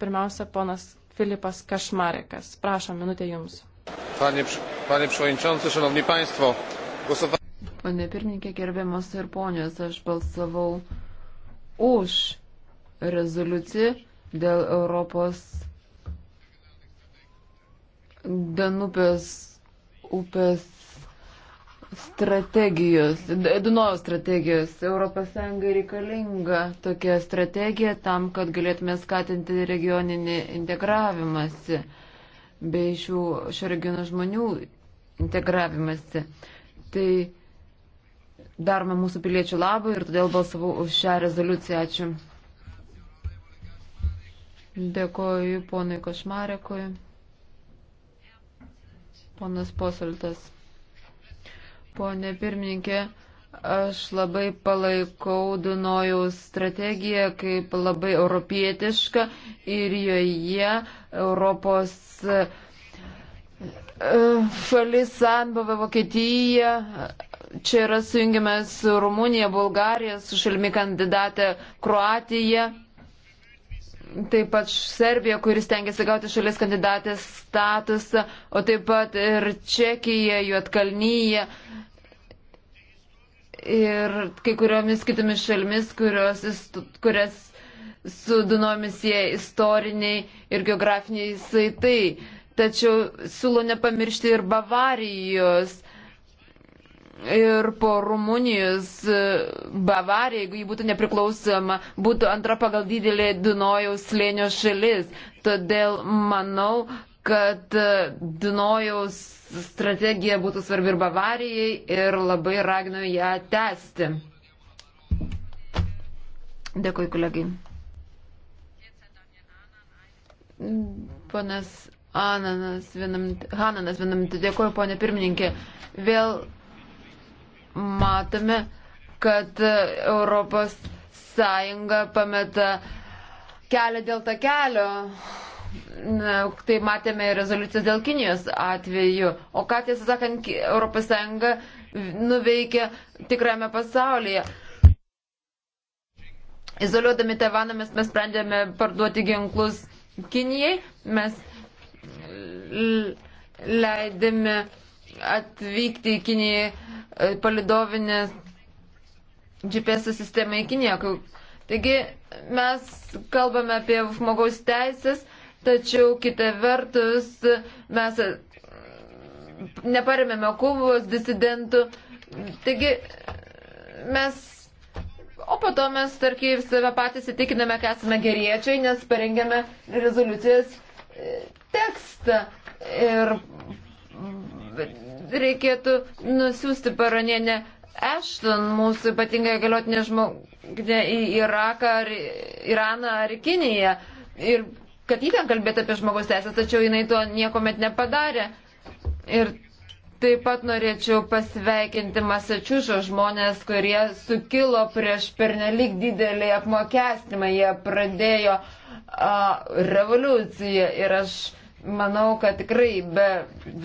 Pirmiausia, ponas Filipas Kašmarekas. Prašom, minutė jums. Panie, panie Przewodniczący, Szanowni Państwo, głosowałem. Pane pirmininkė, gerbiamas ir ponios, aš balsavau už rezoliuciją dėl Europos Danupės upės strategijos, Dunojaus strategijos. ES reikalinga tokia strategija tam, kad galėtume skatinti regioninį integravimąsi bei šių šio regiono žmonių integravimąsi. Tai darome mūsų piliečių labą ir todėl balsavau už šią rezoliuciją. Ačiū. Dėkoju ponui Košmarekui. Ponas Posaltas. Pone pirmininkė, aš labai palaikau Dunojaus strategiją kaip labai europietišką ir joje Europos e, šalis Sanbava Vokietija. Čia yra sujungiama su Rumunija, Bulgarija, su šalmi kandidatė Kroatija taip pat Serbija, kuris tengiasi gauti šalies kandidatės statusą, o taip pat ir Čekija, Juotkalnyje, ir kai kuriomis kitomis šalimis, kurios, kurias su Dunomis jie istoriniai ir geografiniai saitai. Tačiau siūlo nepamiršti ir Bavarijos. Ir po Rumunijos Bavarija, jeigu ji būtų nepriklausoma, būtų antra pagal didelį Dunojaus slėnio šalis. Todėl manau, kad e, Dunojaus strategija būtų svarbi ir Bavarijai ir labai raginu ją tęsti. Dėkui, kolegai. Panas Ananas vienam, Hananas vienam, dėkuoju, ponė pirmininkė. Vėl matome, kad e, Europos Sąjunga pameta kelią dėl to kelio tai matėme ir rezoliucijos dėl Kinijos atveju. O ką tiesą sakant, ES nuveikia tikrame pasaulyje. Izoliuodami Taivaną mes, mes sprendėme parduoti ginklus Kinijai, mes leidėme atvykti į Kiniją e, palidovinę GPS sistemą į Kiniją. Taigi mes kalbame apie žmogaus teisės, tačiau kita vertus mes e, neparemėme Kubos disidentų. Taigi mes. O po to mes, tarkim, save patys įtikiname, kad esame geriečiai, nes parengėme rezoliucijos e, tekstą. Ir reikėtų nusiųsti paronienę Ešton, mūsų ypatingai galiotinė žmogė į Iraką, ar Iraną, ar Kiniją. Ir kad jį ten kalbėtų apie žmogaus teisės, tačiau jinai to niekuomet nepadarė. Ir taip pat norėčiau pasveikinti Masačiušo žmonės, kurie sukilo prieš pernelyg didelį apmokestimą. Jie pradėjo a, revoliuciją ir aš manau, kad tikrai be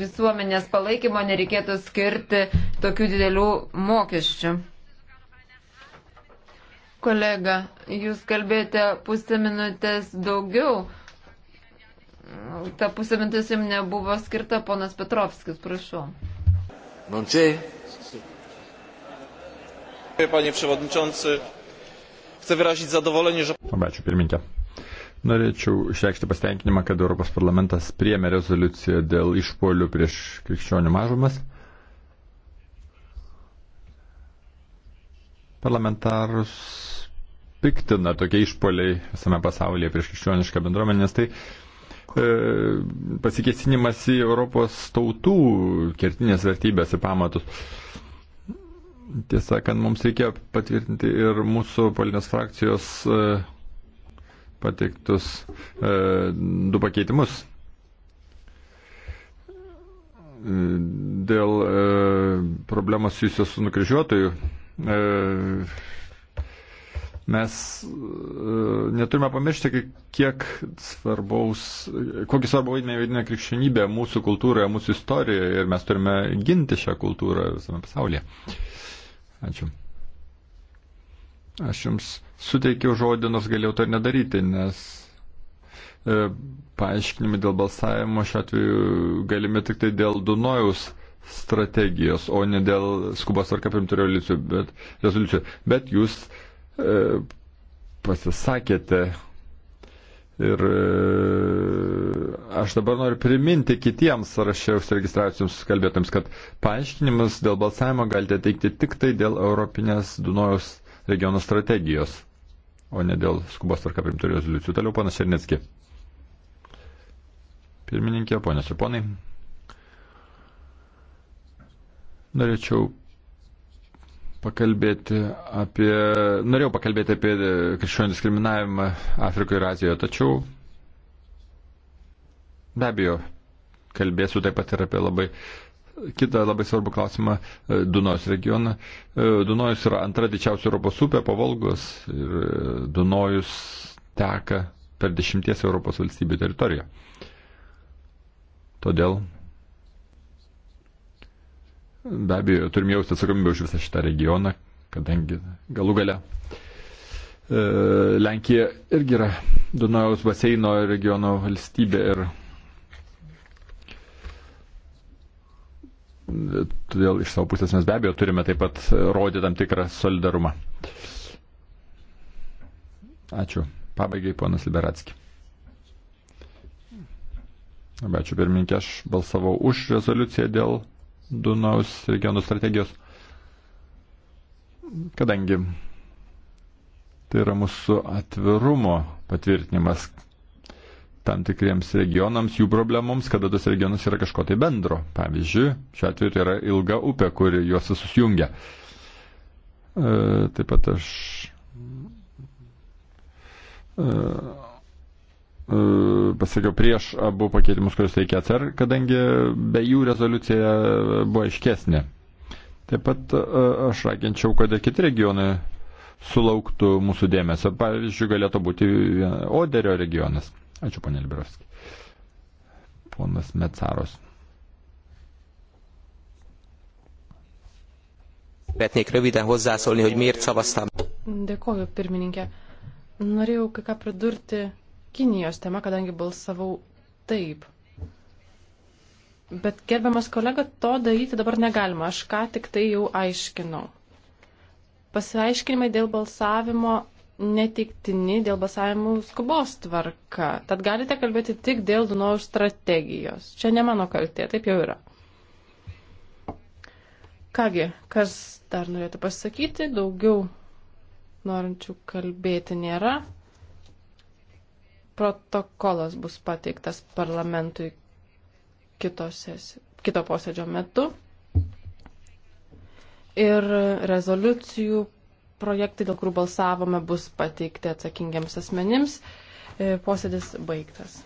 visuomenės palaikymo nereikėtų skirti tokių didelių mokesčių. Kolega, jūs kalbėjote pusę minutės daugiau, ta pusė mintis jums nebuvo skirta, ponas Petrovskis, prašau. Non c'è? Panie Przewodniczący, chcę wyrazić zadowolenie, że... Labai ačiū pirmininkė. Norėčiau išreikšti pasitenkinimą, kad Europos parlamentas priėmė rezoliuciją dėl išpolių prieš krikščionių mažumas. Parlamentarus piktina tokie išpoliai visame pasaulyje prieš krikščionišką bendruomenę, nes tai uh, E, pasikesinimas į Europos tautų kertinės vertybės ir pamatus. Tiesą sakant, mums reikia patvirtinti ir mūsų politinės frakcijos e, pateiktus e, du pakeitimus. Dėl problemos susijusios su nukryžiuotojų Mes e, neturime pamiršti, kiek svarbaus, kokį svarbų vaidmenį vaidina krikščionybė mūsų kultūroje, mūsų istorijoje ir mes turime ginti šią kultūrą visame pasaulyje. Ačiū. Aš jums suteikiau žodį, nors galėjau to nedaryti, nes e, paaiškinimai dėl balsavimo šiuo atveju galime tik tai dėl Dunojaus strategijos, o ne dėl skubos ar kaip turėjo rezoliucijų. Bet jūs E, pasisakėte. Ir e, aš dabar noriu priminti kitiems sąraše užsiregistracijoms kalbėtams, kad paaiškinimus dėl balsavimo galite teikti tik tai dėl Europinės Dunojaus regiono strategijos, o ne dėl skubos tvarka primtų rezoliucijų. Toliau panas Šernetski. Pirmininkė, ponios ir ponai. Norėčiau pakalbėti apie, norėjau pakalbėti apie krikščionių diskriminavimą Afrikoje ir Azijoje, tačiau be abejo, kalbėsiu taip pat ir apie labai kitą labai svarbų klausimą e, - Dunojus regioną. E, Dunojus yra antra didžiausia Europos upė po Volgos ir e, Dunojus teka per dešimties Europos valstybių teritoriją. Todėl Be abejo, turim jausti atsakomybę už visą šitą regioną, kadangi galų gale e, Lenkija irgi yra Dunojaus baseino regiono valstybė ir e, todėl iš savo pusės mes be abejo turime taip pat rodyti tam tikrą solidarumą. Ačiū. Pabaigai ponas Liberatski. Labai ačiū pirmininkė, aš balsavau už rezoliuciją dėl Dunaus regionų strategijos, kadangi tai yra mūsų atvirumo patvirtinimas tam tikriems regionams, jų problemoms, kada tas regionas yra kažko tai bendro. Pavyzdžiui, šiuo atveju tai yra ilga upė, kuri juos susijungia. E, taip pat aš e, E, pasakiau prieš abu pakeitimus, kuriuos reikia atsar, kadangi be jų rezoliucija e, buvo aiškesnė. Taip pat e, aš raginčiau, kad ir kiti regionai sulauktų mūsų dėmesio. Pavyzdžiui, galėtų būti Oderio regionas. Ačiū, ponė Librovski. Ponas Mecaros. Szeretnék röviden hozzászólni, hogy miért szavaztam. Dėkoju, pirmininkė. Norėjau kai ką pridurti Kinijos tema, kadangi balsavau taip. Bet gerbiamas kolega, to daryti dabar negalima. Aš ką tik tai jau aiškinau. Pasiaiškinimai dėl balsavimo neteiktini, dėl balsavimų skubos tvarka. Tad galite kalbėti tik dėl Dunojaus strategijos. Čia ne mano kaltė, taip jau yra. Kągi, kas dar norėtų pasakyti, daugiau norinčių kalbėti nėra protokolas bus pateiktas parlamentui kitose, kito posėdžio metu. Ir rezoliucijų projektai, dėl kurių balsavome, bus pateikti atsakingiams asmenims. E, posėdis baigtas.